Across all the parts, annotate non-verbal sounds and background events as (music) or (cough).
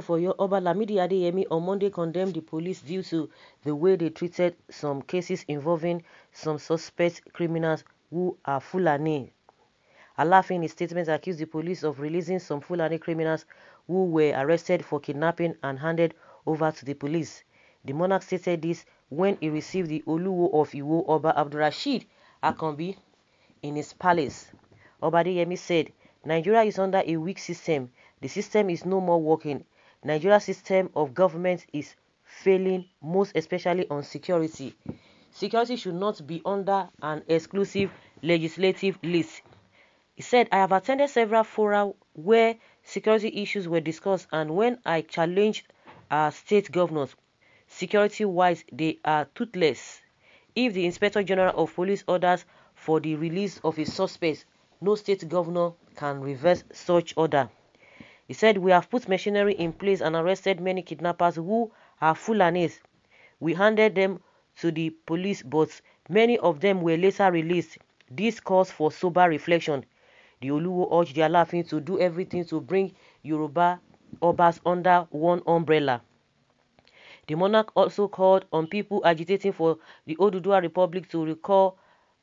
For your Oba Lamidi Adeyemi, on Monday condemned the police due to the way they treated some cases involving some suspect criminals who are Fulani. Alaf in his statement accused the police of releasing some Fulani criminals who were arrested for kidnapping and handed over to the police. The monarch stated this when he received the Oluwo of Iwo Oba Abdurashid Akonbi in his palace. Obadeyemi said, Nigeria is under a weak system. The system is no more working. Nigeria's system of government is failing, most especially on security. Security should not be under an exclusive legislative list. He said, I have attended several fora where security issues were discussed, and when I challenged our uh, state governors, security wise, they are toothless. If the Inspector General of Police orders for the release of a suspect, no state governor can reverse such order. He said, We have put machinery in place and arrested many kidnappers who are Fulanese. We handed them to the police, but many of them were later released. This calls for sober reflection. The Oluwo urged the laughing to do everything to bring Yoruba Obas under one umbrella. The monarch also called on people agitating for the Oduduwa Republic to recall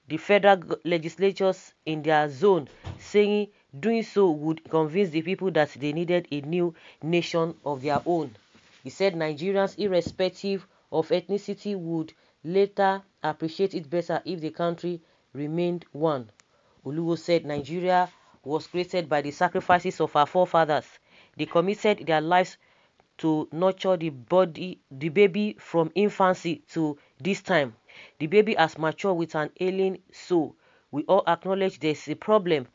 the federal legislatures in their zone, saying doing so would convince the people that they needed a new nation of their own. He said Nigerians, irrespective of ethnicity, would later appreciate it better if the country remained one. Uluwo said Nigeria was created by the sacrifices of our forefathers. They committed their lives to nurture the body, the baby from infancy to this time. The baby has matured with an ailing soul. We all acknowledge there is a problem,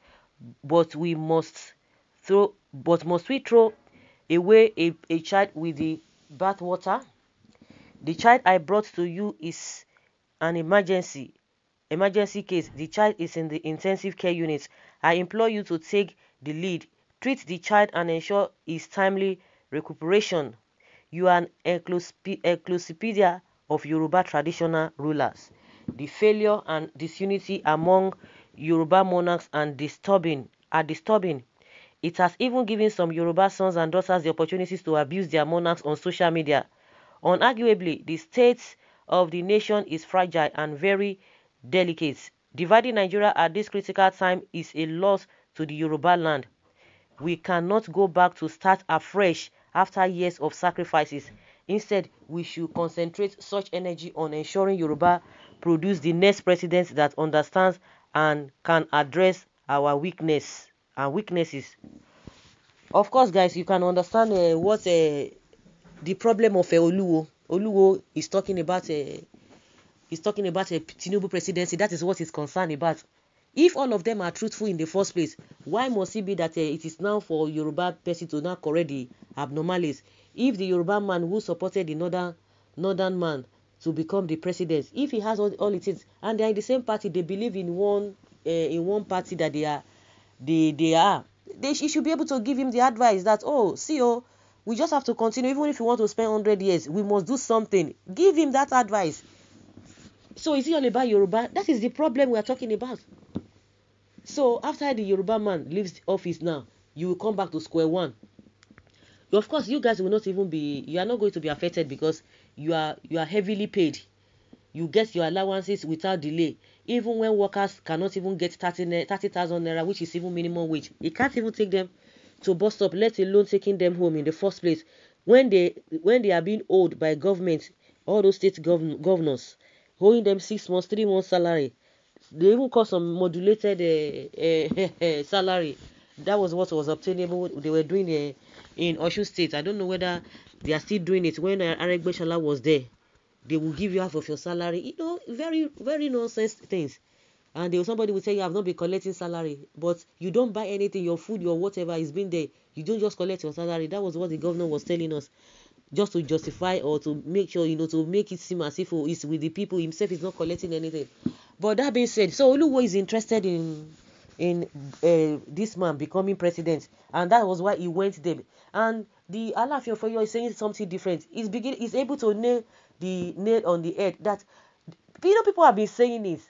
but we must throw but must we throw away a, a child with the bathwater? The child I brought to you is an emergency emergency case. The child is in the intensive care unit. I implore you to take the lead. Treat the child and ensure his timely recuperation. You are an encyclopedia of Yoruba traditional rulers, the failure and disunity among Yoruba monarchs and disturbing are disturbing. It has even given some Yoruba sons and daughters the opportunities to abuse their monarchs on social media. Unarguably, the state of the nation is fragile and very delicate. Dividing Nigeria at this critical time is a loss to the Yoruba land. We cannot go back to start afresh after years of sacrifices. Instead, we should concentrate such energy on ensuring Yoruba produce the next president that understands and can address our weakness and weaknesses. Of course, guys, you can understand uh, what uh, the problem of uh, Oluwo. is talking about uh, is talking about a Tinubu presidency. That is what he's concerned about. If all of them are truthful in the first place, why must it be that uh, it is now for Yoruba person to now correct the abnormalities? if the Yoruba man who supported the northern northern man to become the president, if he has all, all it is, and they are in the same party, they believe in one uh, in one party that they are they they are, they he should be able to give him the advice that oh see oh we just have to continue even if we want to spend hundred years we must do something. Give him that advice. So is he all about Yoruba? That is the problem we are talking about. So after the Yoruba man leaves office now, you will come back to square one of course you guys will not even be you are not going to be affected because you are you are heavily paid you get your allowances without delay even when workers cannot even get thirty thirty thousand naira which is even minimum wage e can't even take them to bus up, let alone taking them home in the first place when they when they are being owed by government all those state gov governors owing them six months three months salary they even call some modulated uh, uh, (laughs) salary that was what was obtainable they were doing a eh, in Oshu State. I don't know whether they are still doing it. When Arek Beshala was there, they will give you half of your salary. You know, very, very nonsense things. And there, somebody will say you have not been collecting salary, but you don't buy anything, your food, your whatever is being there. You don't just collect your salary. That was what the governor was telling us just to justify or to make sure you know to make it seem as if it's with the people himself is not collecting anything but that being said so oluwo is interested in in uh, this man becoming president and that was why he went there and the alaafin for you is saying something different he's begin he's able to nail the nail on the head that you know people have been saying it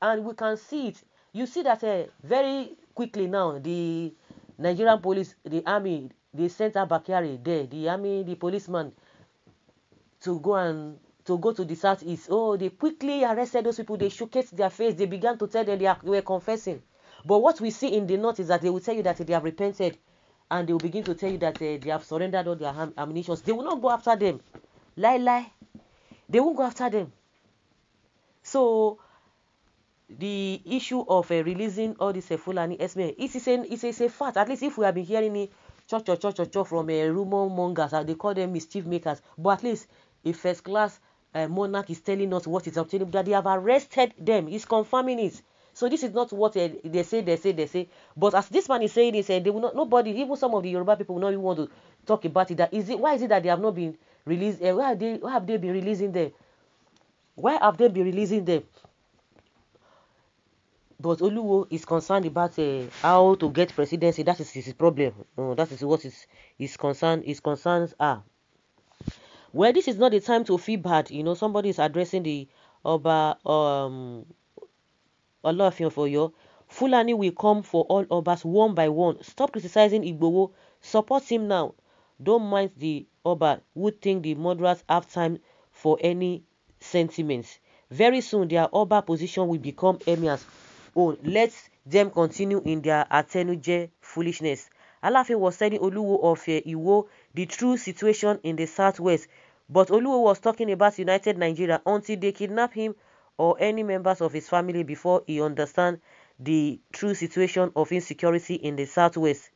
and we can see it you see that uh, very quickly now the nigerian police the army they sent abakari there the army the policeman to go and to go to the southeast oh they quickly arrested those people they showcased their face they began to tell them they were confessing but what we see in the north is that they will tell you that they have repented and they will begin to tell you that eh, they have surrendered all their ammunition. They will not go after them. Lie, lie. They won't go after them. So the issue of uh, releasing all these uh, Fulani Esme, it is, a, it is a fact. At least if we have been hearing it, church, church, church, church from uh, rumor mongers, uh, they call them mischief makers. But at least a first class uh, monarch is telling us what is obtaining, that they have arrested them. He's confirming it. So this is not what eh, they say, they say, they say. But as this man is saying he eh, said they will not, nobody, even some of the Yoruba people, will not even want to talk about it. That is it. Why is it that they have not been released? Uh, why, they, why have they been releasing them? Why have they been releasing them? But Oluwo is concerned about uh, how to get presidency. That is his problem. Uh, that is what his, his concern his concerns are. Well, this is not the time to feel bad. You know, somebody is addressing the Oba um Allah for you. Fulani will come for all us one by one. Stop criticizing Igbowo. Support him now. Don't mind the Oba who think the moderates have time for any sentiments. Very soon their Oba position will become Emir's own. Let them continue in their Atenuje foolishness. Alaafin was telling Oluwo of uh, Iwo the true situation in the southwest. But Oluwo was talking about United Nigeria until they kidnapped him or any members of his family before he understands the true situation of insecurity in the southwest.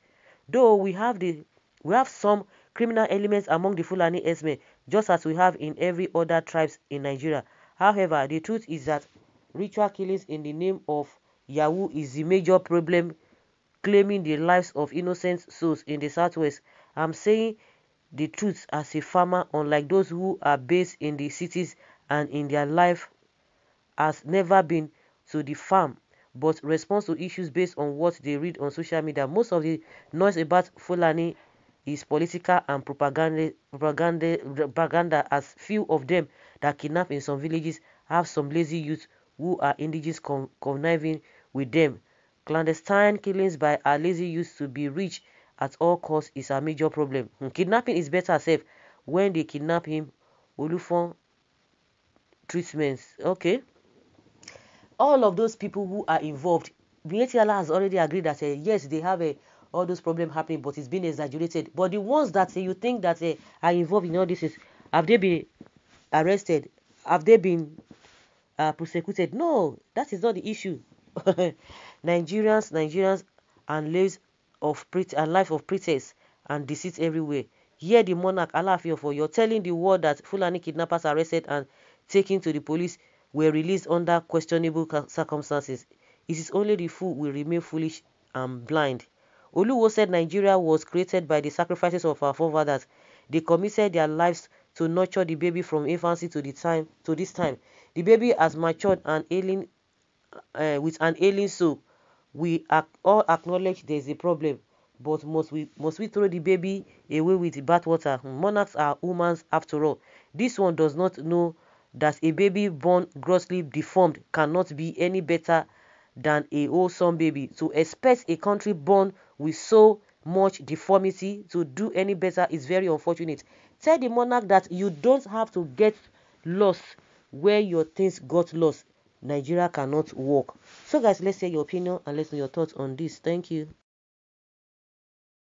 Though we have the we have some criminal elements among the Fulani Esme, just as we have in every other tribes in Nigeria. However, the truth is that ritual killings in the name of Yahoo is the major problem claiming the lives of innocent souls in the southwest. I'm saying the truth as a farmer, unlike those who are based in the cities and in their life has never been to the farm but responds to issues based on what they read on social media. Most of the noise about Fulani is political and propaganda, propaganda, propaganda as few of them that kidnap in some villages have some lazy youth who are indigenous con conniving with them. Clandestine killings by a lazy youth to be rich at all costs is a major problem. Hmm, kidnapping is better safe when they kidnap him. Olufon treatments. Okay all of those people who are involved, Bietiala has already agreed that uh, yes, they have uh, all those problems happening, but it's been exaggerated. But the ones that uh, you think that are involved in all this is, have they been arrested? Have they been uh, prosecuted? No, that is not the issue. (laughs) Nigerians, Nigerians, and lives of pre- and life of pretense and deceit everywhere. Here, the monarch for you're telling the world that Fulani kidnappers arrested and taken to the police were released under questionable circumstances. It is only the fool will remain foolish and blind. Oluwo said Nigeria was created by the sacrifices of our forefathers. They committed their lives to nurture the baby from infancy to the time to this time. The baby has matured and ailing uh, with an ailing soul. We all acknowledge there is a problem, but must we must we throw the baby away with the bathwater? Monarchs are humans after all. This one does not know that a baby born grossly deformed cannot be any better than a wholesome baby. To expect a country born with so much deformity to do any better is very unfortunate. Tell the monarch that you don't have to get lost where your things got lost. Nigeria cannot work. So, guys, let's hear your opinion and let's know your thoughts on this. Thank you.